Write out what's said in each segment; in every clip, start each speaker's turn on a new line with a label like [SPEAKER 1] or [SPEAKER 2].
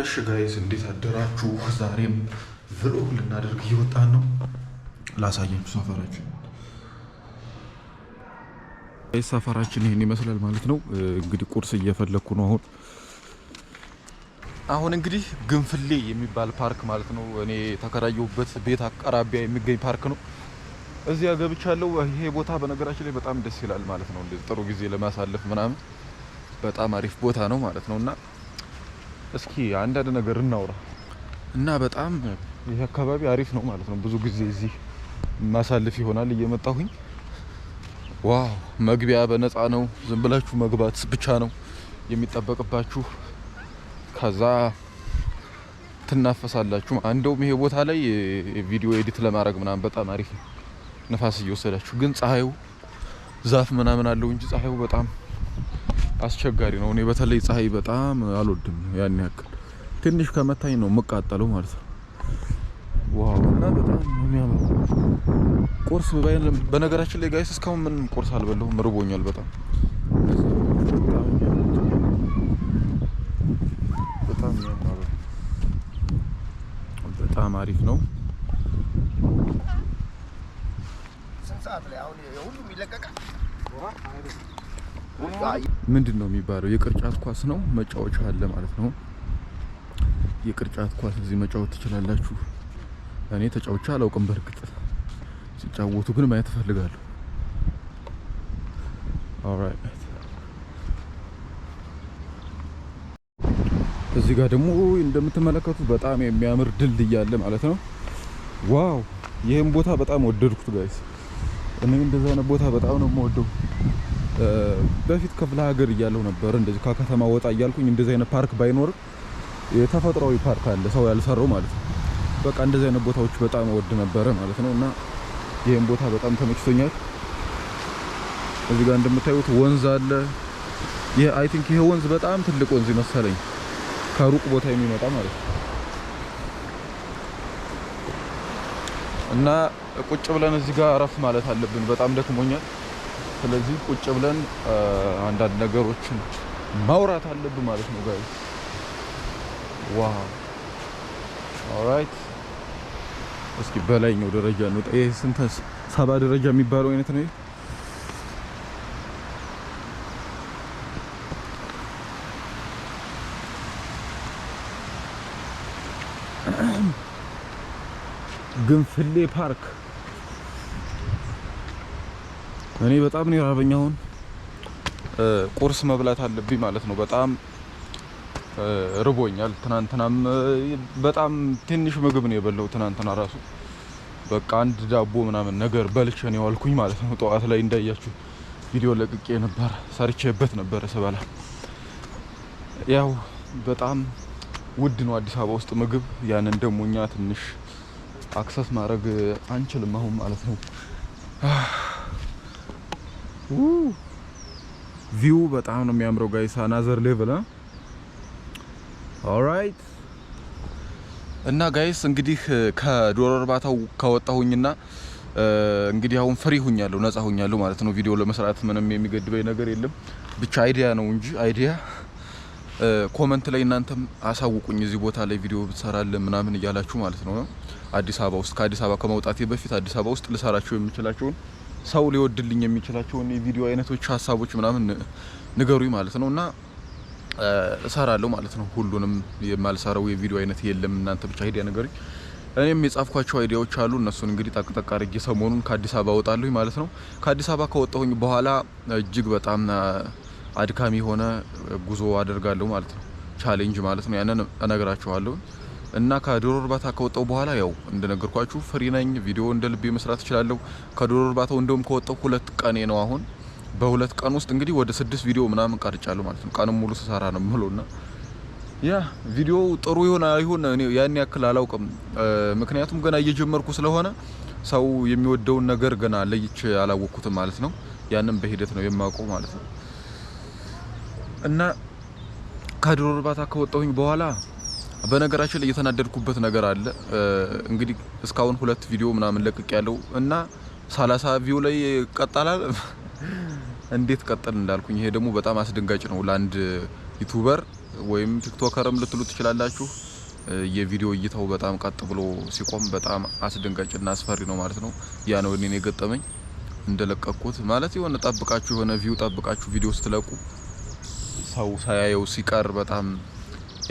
[SPEAKER 1] እሺ ጋይስ እንዴት አደራችሁ? ዛሬም ቭሎግ ልናደርግ እየወጣን ነው። ላሳያችሁ ሰፈራችን። ሰፈራችን ይህን ይመስላል ማለት ነው። እንግዲህ ቁርስ እየፈለግኩ ነው አሁን አሁን እንግዲህ ግንፍሌ የሚባል ፓርክ ማለት ነው። እኔ ተከራየሁበት ቤት አቀራቢያ የሚገኝ ፓርክ ነው። እዚያ ገብቻለሁ። ይሄ ቦታ በነገራችን ላይ በጣም ደስ ይላል ማለት ነው። ጥሩ ጊዜ ለማሳለፍ ምናምን በጣም አሪፍ ቦታ ነው ማለት ነው እና እስኪ አንዳንድ ነገር እናውራ እና በጣም ይህ አካባቢ አሪፍ ነው ማለት ነው። ብዙ ጊዜ እዚህ ማሳልፍ ይሆናል እየመጣሁኝ። ዋው መግቢያ በነፃ ነው። ዝም ብላችሁ መግባት ብቻ ነው የሚጠበቅባችሁ። ከዛ ትናፈሳላችሁ። እንደውም ይሄ ቦታ ላይ ቪዲዮ ኤዲት ለማድረግ ምናምን በጣም አሪፍ ነው፣ ነፋስ እየወሰዳችሁ ግን ፀሐዩ ዛፍ ምናምን አለው እንጂ ፀሐዩ በጣም አስቸጋሪ ነው። እኔ በተለይ ፀሐይ በጣም አልወድም። ያን ያክል ትንሽ ከመታኝ ነው የምቃጠለው ማለት ነው። ዋው እና በጣም የሚያምር ቁርስ በነገራችን ላይ ጋይስ እስካሁን ምን ቁርስ አልበለሁም፣ ርቦኛል በጣም በጣም አሪፍ ነው። ስንት ሰዓት ላይ አሁን ሁሉም ይለቀቃል? ምንድን ነው የሚባለው? የቅርጫት ኳስ ነው መጫወቻ አለ ማለት ነው። የቅርጫት ኳስ እዚህ መጫወት ትችላላችሁ። እኔ ተጫውቻ አላውቅም። በእርግጥ ሲጫወቱ ግን ማየት እፈልጋለሁ። እዚህ ጋር ደግሞ እንደምትመለከቱት በጣም የሚያምር ድልድይ አለ ማለት ነው። ዋው! ይህም ቦታ በጣም ወደድኩት ጋይስ። እኔ እንደዚህ አይነት ቦታ በጣም ነው የምወደው። በፊት ክፍለ ሀገር እያለሁ ነበር እንደዚህ ከከተማ ወጣ እያልኩኝ እንደዚህ አይነት ፓርክ ባይኖር የተፈጥሯዊ ፓርክ አለ ሰው ያልሰራው ማለት ነው። በቃ እንደዚህ አይነት ቦታዎች በጣም ወድ ነበረ ማለት ነው። እና ይህም ቦታ በጣም ተመችቶኛል። እዚህ ጋር እንደምታዩት ወንዝ አለ። ይሄ አይ ቲንክ ይሄ ወንዝ በጣም ትልቅ ወንዝ መሰለኝ ከሩቅ ቦታ የሚመጣ ማለት ነው እና ቁጭ ብለን እዚህ ጋር አረፍ ማለት አለብን። በጣም ደክሞኛል። ስለዚህ ቁጭ ብለን አንዳንድ ነገሮችን ማውራት አለብን ማለት ነው ጋይ ዋው ኦራይት። እስኪ በላይኛው ደረጃ ነው። ይሄ ስንት ሰባ ደረጃ የሚባለው አይነት ነው። ግንፍሌ ፓርክ እኔ በጣም ነው የራበኝ። አሁን ቁርስ መብላት አለብኝ ማለት ነው። በጣም ርቦኛል። ትናንትናም በጣም ትንሽ ምግብ ነው የበለው። ትናንትና ራሱ በቃ አንድ ዳቦ ምናምን ነገር በልቼ ነው የዋልኩኝ ማለት ነው። ጠዋት ላይ እንዳያችሁ ቪዲዮ ለቅቄ ነበር፣ ሰርቼበት ነበረ ስበላ። ያው በጣም ውድ ነው አዲስ አበባ ውስጥ ምግብ። ያንን ደግሞ እኛ ትንሽ አክሰስ ማድረግ አንችልም አሁን ማለት ነው። ቪው በጣም ነው የሚያምረው ጋይስ፣ አናዘር ሌቭል ኦራይት። እና ጋይስ እንግዲህ uh, ከዶሮ እርባታው ከወጣሁኝና uh, እንግዲህ አሁን ፍሪ ሁኛለሁ፣ ነጻ ሁኛለሁ ማለት ነው። ቪዲዮ ለመስራት ምንም የሚገድበኝ ነገር የለም፣ ብቻ አይዲያ ነው እንጂ አይዲያ ኮመንት uh, ላይ እናንተም አሳውቁኝ እዚህ ቦታ ላይ ቪዲዮ ብትሰራለን ምናምን እያላችሁ ማለት ነው። አዲስ አበባ ውስጥ ከአዲስ አበባ ከመውጣቴ በፊት አዲስ አበባ ውስጥ ልሰራቸው የምችላቸውን ሰው ሊወድልኝ የሚችላቸውን የቪዲዮ አይነቶች፣ ሀሳቦች ምናምን ንገሩኝ ማለት ነው እና እሰራለሁ ማለት ነው። ሁሉንም የማልሰራው የቪዲዮ አይነት የለም። እናንተ ብቻ ሄዲያ ነገሩኝ። እኔም የጻፍኳቸው አይዲያዎች አሉ። እነሱን እንግዲህ ጠቅጠቅ አድርጌ ሰሞኑን ከአዲስ አበባ ወጣለሁ ማለት ነው። ከአዲስ አበባ ከወጣሁኝ በኋላ እጅግ በጣም አድካሚ የሆነ ጉዞ አደርጋለሁ ማለት ነው። ቻሌንጅ ማለት ነው። ያንን እነግራችኋለሁ። እና ከዶሮ እርባታ ከወጣው በኋላ ያው እንደነገርኳችሁ ፍሪ ነኝ። ቪዲዮ እንደ ልቤ መስራት እችላለሁ። ከዶሮ እርባታው እንደውም ከወጣው ሁለት ቀኔ ነው አሁን። በሁለት ቀን ውስጥ እንግዲህ ወደ ስድስት ቪዲዮ ምናምን ቀርጫለሁ ማለት ነው። ቀንም ሙሉ ስሰራ ነው ምሎና ያ ቪዲዮ ጥሩ ይሆን አይሆን እኔ ያን ያክል አላውቅም። ምክንያቱም ገና እየጀመርኩ ስለሆነ ሰው የሚወደውን ነገር ገና ለይቼ አላወቅኩትም ማለት ነው። ያንን በሂደት ነው የማውቀው ማለት ነው። እና ከዶሮ እርባታ ከወጣሁኝ በኋላ በነገራችን ላይ እየተናደድኩበት ነገር አለ። እንግዲህ እስካሁን ሁለት ቪዲዮ ምናምን ለቅቅ ያለው እና ሰላሳ ቪው ላይ ቀጣላል እንዴት ቀጠል እንዳልኩኝ ይሄ ደግሞ በጣም አስደንጋጭ ነው ለአንድ ዩቱበር ወይም ቲክቶከርም ልትሉ ትችላላችሁ። የቪዲዮ እይታው በጣም ቀጥ ብሎ ሲቆም በጣም አስደንጋጭና አስፈሪ ነው ማለት ነው። ያ ነው እኔን የገጠመኝ እንደለቀቅኩት ማለት የሆነ ጠብቃችሁ የሆነ ቪው ጠብቃችሁ ቪዲዮ ስትለቁ ሰው ሳያየው ሲቀር በጣም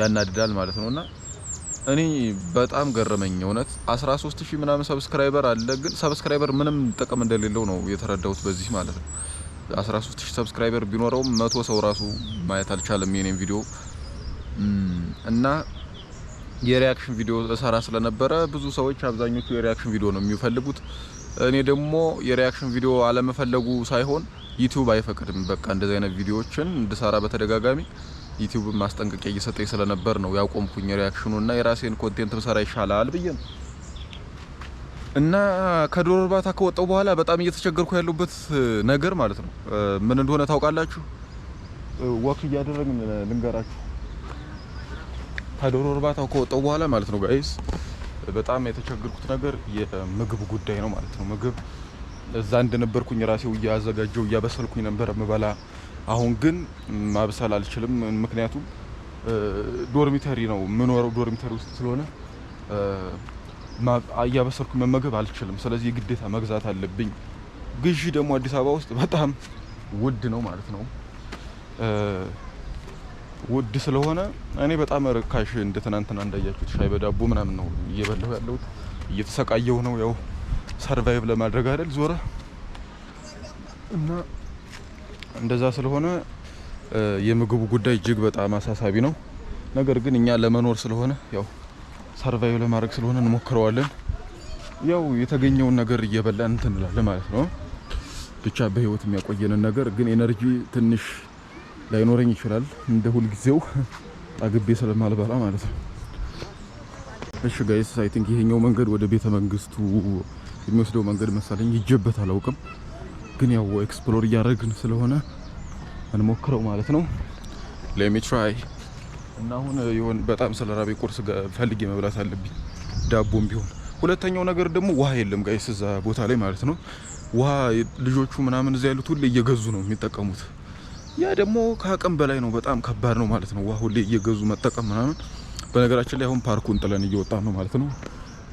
[SPEAKER 1] ያናድዳል ማለት ነው እና እኔ በጣም ገረመኝ እውነት 13 ሺህ ምናምን ሰብስክራይበር አለ። ግን ሰብስክራይበር ምንም ጥቅም እንደሌለው ነው የተረዳሁት በዚህ ማለት ነው። 13 ሺህ ሰብስክራይበር ቢኖረውም መቶ ሰው ራሱ ማየት አልቻለም የኔን ቪዲዮ እና የሪያክሽን ቪዲዮ እሰራ ስለነበረ ብዙ ሰዎች አብዛኞቹ የሪያክሽን ቪዲዮ ነው የሚፈልጉት። እኔ ደግሞ የሪያክሽን ቪዲዮ አለመፈለጉ ሳይሆን ዩቲዩብ አይፈቅድም። በቃ እንደዚህ አይነት ቪዲዮዎችን እንድሰራ በተደጋጋሚ ዩቲዩብ ማስጠንቀቂያ እየሰጠኝ ስለነበር ነው ያቆምኩኝ። እና የራሴን ኮንቴንት ብሰራ ይሻላል ብዬ ነው እና ከዶሮ እርባታ ከወጣው በኋላ በጣም እየተቸገርኩ ያለሁበት ነገር ማለት ነው ምን እንደሆነ ታውቃላችሁ? ወክ እያደረግን ልንገራችሁ። ከዶሮ እርባታው ከወጣው በኋላ ማለት ነው ጋይስ በጣም የተቸገርኩት ነገር የምግብ ጉዳይ ነው ማለት ነው። ምግብ እዛ እንደነበርኩኝ ራሴው እያዘጋጀው እያበሰልኩኝ ነበር ምበላ አሁን ግን ማብሰል አልችልም። ምክንያቱም ዶርሚተሪ ነው የምኖረው፣ ዶርሚተሪ ውስጥ ስለሆነ እያበሰርኩ መመገብ አልችልም። ስለዚህ ግዴታ መግዛት አለብኝ። ግዢ ደግሞ አዲስ አበባ ውስጥ በጣም ውድ ነው ማለት ነው። ውድ ስለሆነ እኔ በጣም ርካሽ እንደ ትናንትና እንዳያችሁት ሻይ በዳቦ ምናምን ነው እየበላሁ ያለሁት። እየተሰቃየሁ ነው ያው ሰርቫይቭ ለማድረግ አይደል ዞረ እና እንደዛ ስለሆነ የምግቡ ጉዳይ እጅግ በጣም አሳሳቢ ነው። ነገር ግን እኛ ለመኖር ስለሆነ ያው ሰርቫይቭ ለማድረግ ስለሆነ እንሞክረዋለን። ያው የተገኘውን ነገር እየበላን እንትን እንላለን ማለት ነው። ብቻ በህይወት የሚያቆየንን ነገር ግን ኤነርጂ ትንሽ ላይኖረኝ ይችላል እንደ ሁልጊዜው አግቤ ስለማልበላ ማለት ነው። እሺ ጋይስ አይ ቲንክ ይሄኛው መንገድ ወደ ቤተ መንግስቱ የሚወስደው መንገድ መሰለኝ ይጀበት አላውቅም። ግን ያው ኤክስፕሎር እያደረግን ስለሆነ እንሞክረው ማለት ነው። ሌሚ ትራይ እና አሁን ይሁን በጣም ስለራቢ ቁርስ ፈልጌ መብላት አለብኝ ዳቦም ቢሆን። ሁለተኛው ነገር ደግሞ ውሃ የለም ጋይስ እዛ ቦታ ላይ ማለት ነው። ውሃ ልጆቹ ምናምን እዚያ ያሉት ሁሌ እየገዙ ነው የሚጠቀሙት። ያ ደግሞ ከአቅም በላይ ነው፣ በጣም ከባድ ነው ማለት ነው። ውሃ ሁሌ እየገዙ መጠቀም ምናምን። በነገራችን ላይ አሁን ፓርኩን ጥለን እየወጣ ነው ማለት ነው።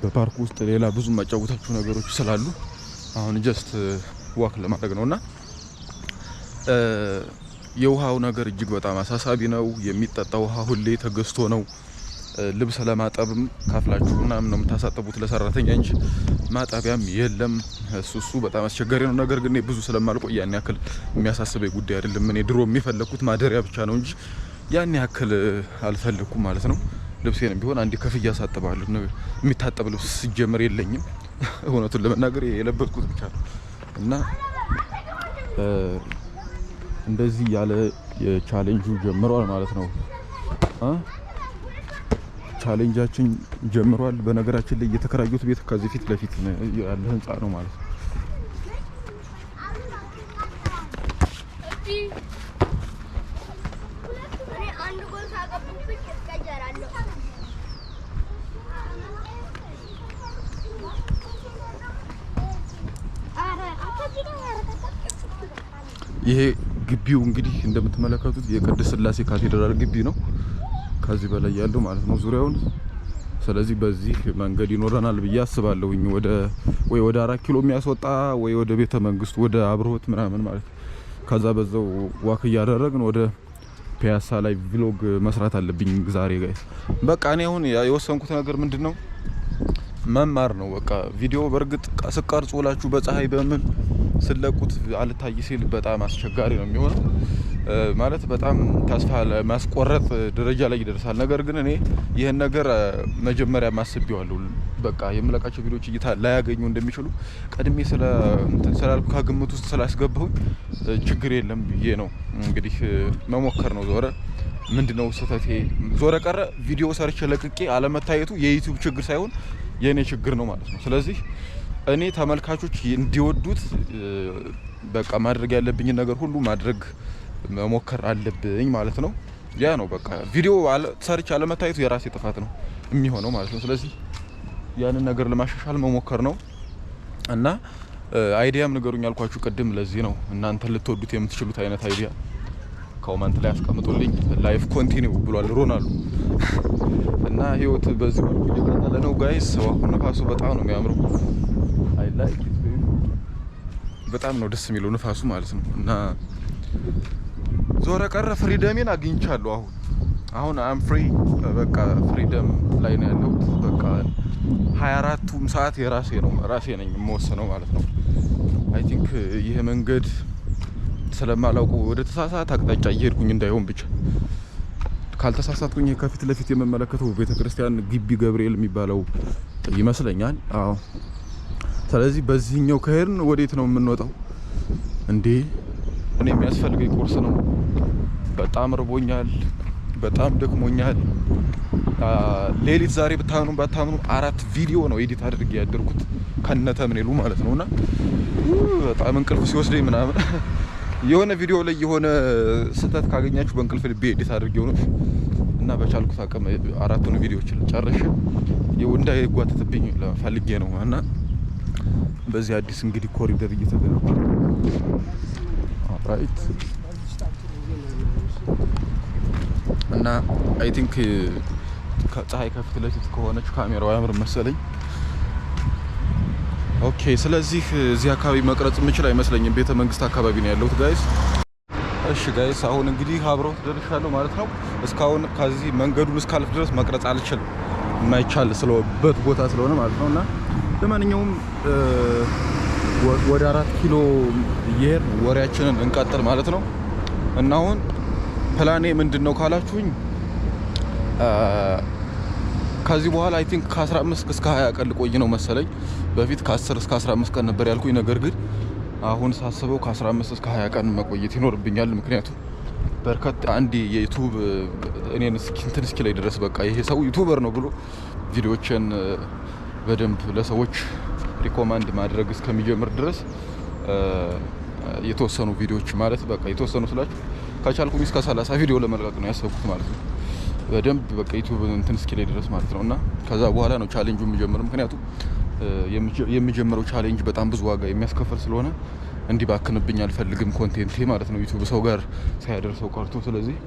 [SPEAKER 1] በፓርኩ ውስጥ ሌላ ብዙ የማጫወታችሁ ነገሮች ስላሉ አሁን ጀስት ዋክ ለማድረግ ነው እና የውሃው ነገር እጅግ በጣም አሳሳቢ ነው። የሚጠጣ ውሃ ሁሌ ተገዝቶ ነው። ልብስ ለማጠብም ካፍላችሁ ምናምን ነው የምታሳጠቡት ለሰራተኛ እንጂ ማጠቢያም የለም። እሱ እሱ በጣም አስቸጋሪ ነው። ነገር ግን ብዙ ስለማልቆይ ያን ያክል የሚያሳስበኝ ጉዳይ አይደለም። እኔ ድሮ የሚፈለግኩት ማደሪያ ብቻ ነው እንጂ ያን ያክል አልፈለግኩም ማለት ነው። ልብሴንም ቢሆን አንዴ ከፍያ አሳጥባለሁ። የሚታጠብ ልብስ ጀምር የለኝም። እውነቱን ለመናገር የለበስኩት ብቻ ነው። እና እንደዚህ ያለ ቻሌንጁ ጀምሯል ማለት ነው። ቻሌንጃችን ጀምሯል። በነገራችን ላይ የተከራዩት ቤት ከዚህ ፊት ለፊት ያለ ህንፃ ነው ማለት ነው። ይሄ ግቢው እንግዲህ እንደምትመለከቱት የቅድስት ስላሴ ካቴድራል ግቢ ነው። ከዚህ በላይ ያለው ማለት ነው ዙሪያውን። ስለዚህ በዚህ መንገድ ይኖረናል ብዬ አስባለሁኝ። ወደ ወይ ወደ አራት ኪሎ የሚያስወጣ ወይ ወደ ቤተ መንግስቱ ወደ አብርሆት ምናምን ማለት ከዛ በዛው ዋክ እያደረግን ወደ ፒያሳ ላይ ቪሎግ መስራት አለብኝ ዛሬ ጋይስ። በቃ እኔ አሁን የወሰንኩት ነገር ምንድን ነው መማር ነው። በቃ ቪዲዮ በእርግጥ ስቀርጽ ውላችሁ በፀሐይ በምን ስለቁት አልታይ ሲል በጣም አስቸጋሪ ነው የሚሆነው። ማለት በጣም ተስፋ ለማስቆረጥ ደረጃ ላይ ይደርሳል። ነገር ግን እኔ ይህን ነገር መጀመሪያ ማስቢዋለሁ በቃ የምለቃቸው ቪዲዮዎች እይታ ላያገኙ እንደሚችሉ ቀድሜ ስላልኩ ከግምት ውስጥ ስላስገባሁኝ ችግር የለም ብዬ ነው እንግዲህ መሞከር ነው ዞረ ምንድነው ስህተቴ ዞረ ቀረ ቪዲዮ ሰርቼ ለቅቄ አለመታየቱ የዩቲዩብ ችግር ሳይሆን የእኔ ችግር ነው ማለት ነው። ስለዚህ እኔ ተመልካቾች እንዲወዱት በቃ ማድረግ ያለብኝን ነገር ሁሉ ማድረግ መሞከር አለብኝ ማለት ነው። ያ ነው በቃ ቪዲዮ ሰርች አለመታየቱ የራሴ ጥፋት ነው የሚሆነው ማለት ነው። ስለዚህ ያንን ነገር ለማሻሻል መሞከር ነው እና አይዲያም ንገሩኝ ያልኳችሁ ቅድም ለዚህ ነው። እናንተ ልትወዱት የምትችሉት አይነት አይዲያ ኮመንት ላይ አስቀምጡልኝ። ላይፍ ኮንቲኒው ብሏል ሮናሉ እና ህይወት በዚህ መልኩ እየቀጠለ ነው ጋይስ። አሁን ነፋሱ በጣም ነው የሚያምረው። በጣም ነው ደስ የሚለው ንፋሱ ማለት ነው። እና ዞረ ቀረ ፍሪደሜን አግኝቻለሁ። አሁን አሁን አም ፍሪ በቃ ፍሪደም ላይ ነው ያለሁት። በቃ 24ቱም ሰዓት የራሴ ነው ራሴ ነኝ የምወስነው ማለት ነው። አይ ቲንክ ይህ መንገድ ስለማላውቁ ወደ ተሳሳት አቅጣጫ እየሄድኩኝ እንዳይሆን ብቻ ካልተሳሳትኩኝ ከፊት ለፊት የምመለከተው ቤተክርስቲያን ግቢ ገብርኤል የሚባለው ይመስለኛል። አዎ ስለዚህ በዚህኛው ከሄድን ወዴት ነው የምንወጣው? እንዴ እኔ የሚያስፈልገኝ ቁርስ ነው። በጣም ርቦኛል፣ በጣም ደክሞኛል። ሌሊት ዛሬ ብታምኑ ባታምኑ አራት ቪዲዮ ነው ኤዲት አድርጌ ያደርኩት ይሉ ማለት ነውና በጣም እንቅልፍ ሲወስደኝ ምናምን የሆነ ቪዲዮ ላይ የሆነ ስህተት ካገኛችሁ በእንቅልፍ ልቤ ኤዲት አድርጌ ነው እና በቻልኩት አቅም አራቱን ቪዲዮችን ጨርሼ እንዳይጓተትብኝ ፈልጌ ነው እና በዚህ አዲስ እንግዲህ ኮሪደር እየተገነባ ራይት እና አይ ቲንክ ከፊት ለፊት ከሆነች ካሜራው ያምር መሰለኝ። ኦኬ ስለዚህ እዚህ አካባቢ መቅረጽ የምችል አይመስለኝም። ቤተ መንግስት አካባቢ ነው ያለሁት ጋይስ። እሺ ጋይስ አሁን እንግዲህ አብረው ትደርሻለሁ ማለት ነው። እስካሁን ከዚህ መንገዱን እስካልፍ ድረስ መቅረጽ አልችልም፣ የማይቻል ስለበት ቦታ ስለሆነ ማለት ነው እና ለማንኛውም ወደ አራት ኪሎ እየሄድ ወሬያችንን እንቀጥል ማለት ነው እና አሁን ፕላኔ ምንድን ነው ካላችሁኝ ከዚህ በኋላ አይ ቲንክ ከ15 እስከ 20 ቀን ልቆይ ነው መሰለኝ። በፊት ከ10 እስከ 15 ቀን ነበር ያልኩኝ። ነገር ግን አሁን ሳስበው ከ15 እስከ 20 ቀን መቆየት ይኖርብኛል። ምክንያቱም በርከት አንድ የዩቱብ እኔን እንትን እስኪ ላይ ድረስ በቃ ይሄ ሰው ዩቱበር ነው ብሎ ቪዲዮችን በደንብ ለሰዎች ሪኮማንድ ማድረግ እስከሚጀምር ድረስ የተወሰኑ ቪዲዮዎች ማለት በቃ የተወሰኑ ስላችሁ ከቻልኩም እስከ 30 ቪዲዮ ለመልቀቅ ነው ያሰብኩት ማለት ነው። በደንብ በቃ ዩቱብ እንትን እስኪ ድረስ ማለት ነው። እና ከዛ በኋላ ነው ቻሌንጁ የሚጀምረው። ምክንያቱም የሚጀምረው ቻሌንጅ በጣም ብዙ ዋጋ የሚያስከፍል ስለሆነ እንዲባክንብኝ አልፈልግም ኮንቴንቴ ማለት ነው። ዩቱብ ሰው ጋር ሳያደርሰው ቀርቶ ስለዚህ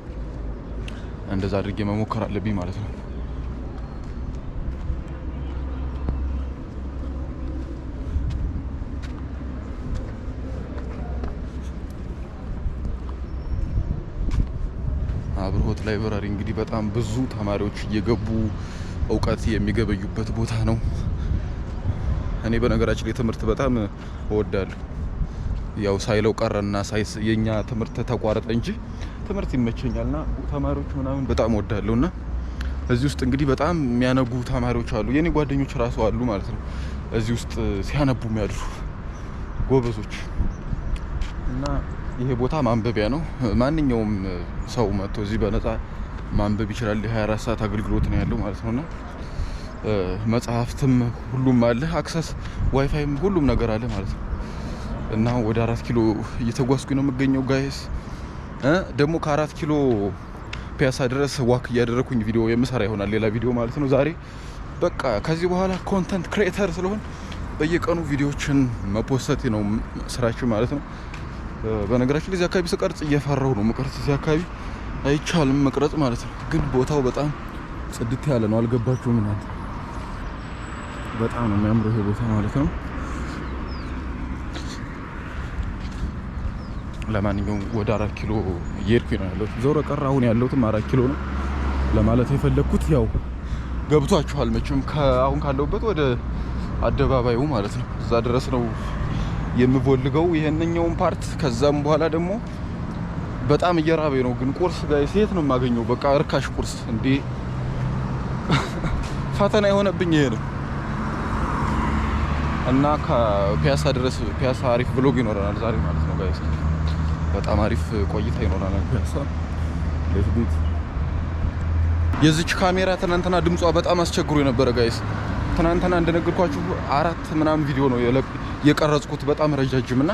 [SPEAKER 1] እንደዛ አድርጌ መሞከር አለብኝ ማለት ነው። አብርሆት ላይብራሪ እንግዲህ በጣም ብዙ ተማሪዎች እየገቡ እውቀት የሚገበዩበት ቦታ ነው። እኔ በነገራችን ላይ ትምህርት በጣም እወዳለሁ። ያው ሳይለው ቀረና ሳይስ የኛ ትምህርት ተቋረጠ እንጂ ትምህርት ይመቸኛልና ተማሪዎች ምናምን በጣም እወዳለሁና እዚህ ውስጥ እንግዲህ በጣም የሚያነቡ ተማሪዎች አሉ። የኔ ጓደኞች ራሱ አሉ ማለት ነው እዚህ ውስጥ ሲያነቡ የሚያድሩ ጎበዞች እና ይሄ ቦታ ማንበቢያ ነው። ማንኛውም ሰው መጥቶ እዚህ በነፃ ማንበብ ይችላል። የ24 ሰዓት አገልግሎት ነው ያለው ማለት ነውና መጽሐፍትም ሁሉም አለ፣ አክሰስ ዋይፋይም ሁሉም ነገር አለ ማለት ነው እና ወደ አራት ኪሎ እየተጓዝኩኝ ነው የምገኘው ጋይስ። ደግሞ ከአራት ኪሎ ፒያሳ ድረስ ዋክ እያደረግኩኝ ቪዲዮ የምሰራ ይሆናል፣ ሌላ ቪዲዮ ማለት ነው ዛሬ። በቃ ከዚህ በኋላ ኮንተንት ክሬተር ስለሆን በየቀኑ ቪዲዮችን መፖሰት ነው ስራችን ማለት ነው። በነገራችን ላይ አካባቢ ስቀርጽ እየፈራሁ ነው መቅረጽ። እዚህ አካባቢ አይቻልም መቅረጽ ማለት ነው። ግን ቦታው በጣም ጽድት ያለ ነው። አልገባችሁ ምናት በጣም ነው የሚያምረው ይሄ ቦታ ማለት ነው። ለማንኛውም ወደ አራት ኪሎ እየሄድኩ ነው ያለሁት። ዘውረ ቀር አሁን ያለሁትም አራት ኪሎ ነው ለማለት የፈለግኩት ያው ገብቷችኋል መቼም። አሁን ካለሁበት ወደ አደባባዩ ማለት ነው እዛ ድረስ ነው የምቦልገው ይሄንኛውን ፓርት። ከዛም በኋላ ደግሞ በጣም እየራቤ ነው፣ ግን ቁርስ ጋር የት ነው የማገኘው? በቃ እርካሽ ቁርስ እንዴ! ፈተና የሆነብኝ ይሄ ነው እና ከፒያሳ ድረስ ፒያሳ አሪፍ ብሎግ ይኖረናል ዛሬ ማለት ነው ጋይስ። በጣም አሪፍ ቆይታ ይኖረናል ፒያሳ ለዚህ የዚች ካሜራ ትናንትና ድምጿ በጣም አስቸግሮ የነበረ ጋይስ ትናንትና እንደነገርኳችሁ አራት ምናምን ቪዲዮ ነው የቀረጽኩት በጣም ረጃጅም እና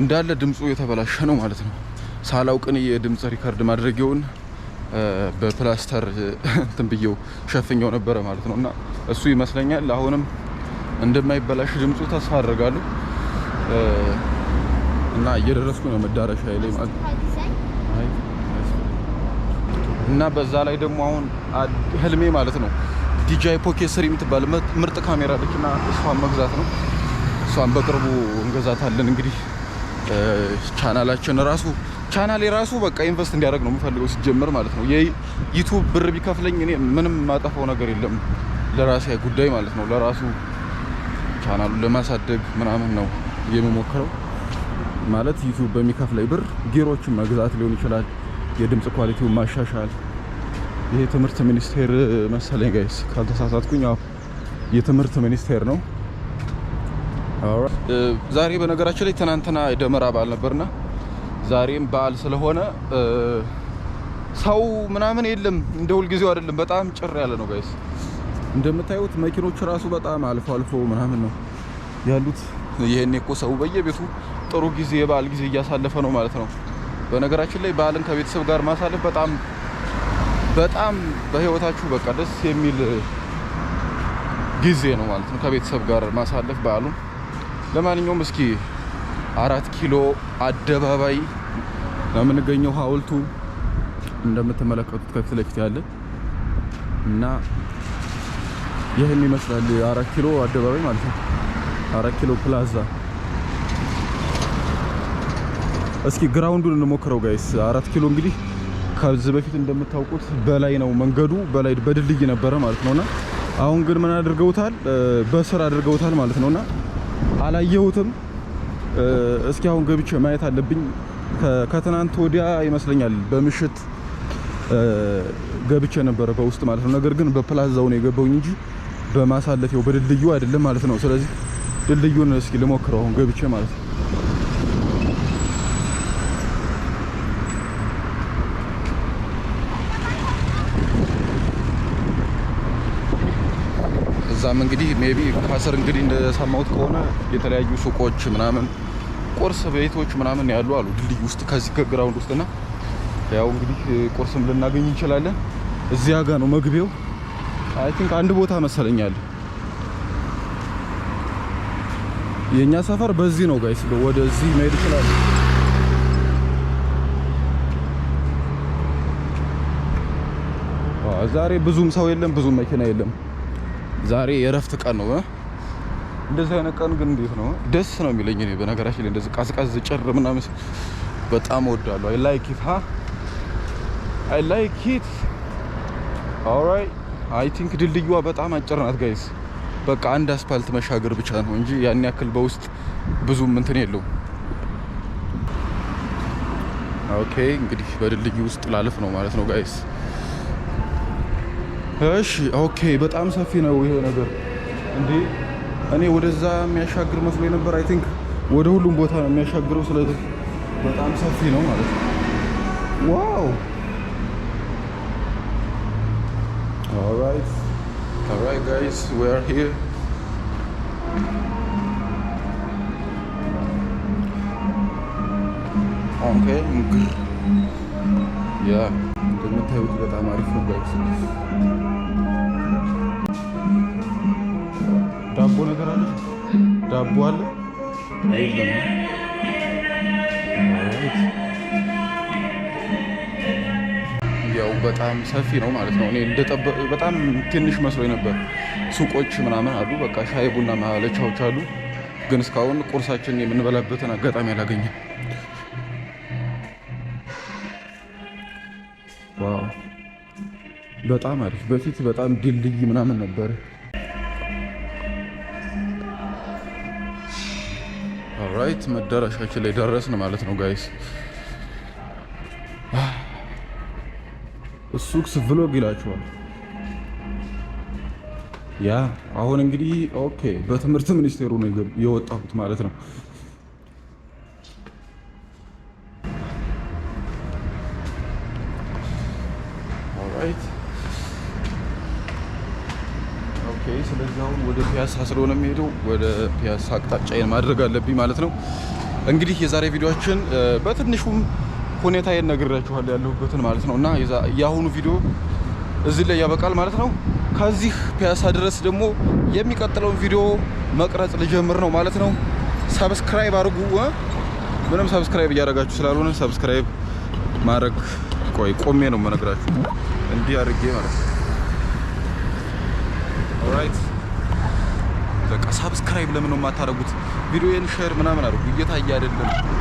[SPEAKER 1] እንዳለ ድምፁ የተበላሸ ነው ማለት ነው። ሳላውቅን የድምፅ ሪከርድ ማድረጊያውን በፕላስተር እንትን ብዬው ሸፍኛው ነበረ ማለት ነው እና እሱ ይመስለኛል አሁንም እንደማይበላሽ ድምፁ ተስፋ አድርጋሉ እና እየደረስኩ ነው መዳረሻ ላይ ማለት እና በዛ ላይ ደግሞ አሁን ህልሜ ማለት ነው ዲጂአይ ፖኬት ስሪ የምትባል ምርጥ ካሜራ ልክና እሷን መግዛት ነው። እሷን በቅርቡ እንገዛታለን። እንግዲህ ቻናላችን ራሱ ቻናሌ ራሱ በቃ ኢንቨስት እንዲያደርግ ነው የምፈልገው ሲጀምር ማለት ነው። የዩቱብ ብር ቢከፍለኝ እኔ ምንም ማጠፋው ነገር የለም ለራሴ ጉዳይ ማለት ነው። ለራሱ ቻናሉን ለማሳደግ ምናምን ነው የምሞክረው ማለት ዩቱብ በሚከፍለኝ ብር ጌሮችን መግዛት ሊሆን ይችላል፣ የድምፅ ኳሊቲውን ማሻሻል ይሄ ትምህርት ሚኒስቴር መሰለኝ ጋይስ ካልተሳሳትኩኝ፣ ያው የትምህርት ሚኒስቴር ነው። ዛሬ በነገራችን ላይ ትናንትና ደመራ በዓል ነበርና ዛሬም በዓል ስለሆነ ሰው ምናምን የለም። እንደ ሁልጊዜው አይደለም። በጣም ጭር ያለ ነው ጋይስ። እንደምታዩት መኪኖች ራሱ በጣም አልፎ አልፎ ምናምን ነው ያሉት። ይሄኔ እኮ ሰው በየቤቱ ጥሩ ጊዜ የበዓል ጊዜ እያሳለፈ ነው ማለት ነው። በነገራችን ላይ በዓልን ከቤተሰብ ጋር ማሳለፍ በጣም በጣም በህይወታችሁ በቃ ደስ የሚል ጊዜ ነው ማለት ነው ከቤተሰብ ጋር ማሳለፍ በዓሉም። ለማንኛውም እስኪ አራት ኪሎ አደባባይ የምንገኘው ሀውልቱ እንደምትመለከቱት ከፊት ለፊት ያለ እና ይህን ይመስላል አራት ኪሎ አደባባይ ማለት ነው። አራት ኪሎ ፕላዛ እስኪ ግራውንዱን እንሞክረው ጋይስ። አራት ኪሎ እንግዲህ ከዚህ በፊት እንደምታውቁት በላይ ነው መንገዱ፣ በላይ በድልድይ ነበረ ማለት ነውና አሁን ግን ምን አድርገውታል? በስር አድርገውታል ማለት ነውና አላየሁትም። እስኪ አሁን ገብቼ ማየት አለብኝ። ከትናንት ወዲያ ይመስለኛል በምሽት ገብቼ ነበረ በውስጥ ማለት ነው። ነገር ግን በፕላዛው ነው የገባውኝ እንጂ በማሳለፊያው በድልድዩ አይደለም ማለት ነው። ስለዚህ ድልድዩን እስኪ ልሞክረው አሁን ገብቼ ማለት ነው። እዛም እንግዲህ ሜቢ ከስር እንግዲህ እንደሰማሁት ከሆነ የተለያዩ ሱቆች ምናምን ቁርስ ቤቶች ምናምን ያሉ አሉ ድልድይ ውስጥ ከዚህ ከግራውንድ ውስጥና ያው እንግዲህ ቁርስም ልናገኝ እንችላለን። እዚያ ጋ ነው መግቢያው። አይ ቲንክ አንድ ቦታ መሰለኛል። የእኛ ሰፈር በዚህ ነው ጋይስ፣ ወደዚህ መሄድ ይችላል። ዛሬ ብዙም ሰው የለም፣ ብዙም መኪና የለም። ዛሬ የእረፍት ቀን ነው። እንደዚህ አይነት ቀን ግን እንዴት ነው ደስ ነው የሚለኝ። እኔ በነገራችን ላይ እንደዚህ ቀዝቀዝ ጭር ምናምን በጣም እወዳለሁ። አይ ላይክ ኢት አይ ላይክ ኢት ኦልራይት አይ ቲንክ ድልድዩዋ በጣም አጭር ናት ጋይስ። በቃ አንድ አስፓልት መሻገር ብቻ ነው እንጂ ያን ያክል በውስጥ ብዙም እንትን የለውም። ኦኬ እንግዲህ በድልድዩ ውስጥ ላልፍ ነው ማለት ነው ጋይስ። እሺ ኦኬ። በጣም ሰፊ ነው ይሄ ነገር እንዴ! እኔ ወደዛ የሚያሻግር መስሎ ነበር። አይ ቲንክ ወደ ሁሉም ቦታ ነው የሚያሻግረው። ስለ በጣም ሰፊ ነው ማለት ነው። ዋው ኦልራይት ኦልራይት ጋይስ ዊ አር ሂር ኦኬ ያ እንደምታዩት በጣም አሪፍ ነው። ጋይስ ዳቦ ነገር አለ፣ ዳቦ አለ። ያው በጣም ሰፊ ነው ማለት ነው። እኔ በጣም ትንሽ መስሎኝ ነበር። ሱቆች ምናምን አሉ፣ በቃ ሻይ ቡና ማለቻዎች አሉ። ግን እስካሁን ቁርሳችን የምንበላበትን አጋጣሚ አላገኘም። በጣም አሪፍ። በፊት በጣም ድልድይ ምናምን ነበር። ኦልራይት መዳረሻችን ላይ ደረስን ማለት ነው ጋይስ። እሱክስ ቭሎግ ይላችኋል። ያ አሁን እንግዲህ ኦኬ፣ በትምህርት ሚኒስቴሩ ነው የወጣሁት ማለት ነው። ወደ ፒያሳ ስለሆነ የሚሄደው ወደ ፒያሳ አቅጣጫዬን ማድረግ አለብኝ ማለት ነው። እንግዲህ የዛሬ ቪዲዮችን በትንሹም ሁኔታ ነግሬያችኋለሁ ያለሁበትን ማለት ነው እና የአሁኑ ቪዲዮ እዚህ ላይ ያበቃል ማለት ነው። ከዚህ ፒያሳ ድረስ ደግሞ የሚቀጥለውን ቪዲዮ መቅረጽ ልጀምር ነው ማለት ነው። ሰብስክራይብ አድርጉ። ምንም ሰብስክራይብ እያደረጋችሁ ስላልሆነ ሰብስክራይብ ማድረግ ቆይ ቆሜ ነው መነግራችሁ እንዲህ አድርጌ ማለት ነው። ኦራይት በቃ ሳብስክራይብ ለምን ነው የማታደርጉት? ቪዲዮዬን ሼር ምናምን አድርጉ። እየታየ አይደለም።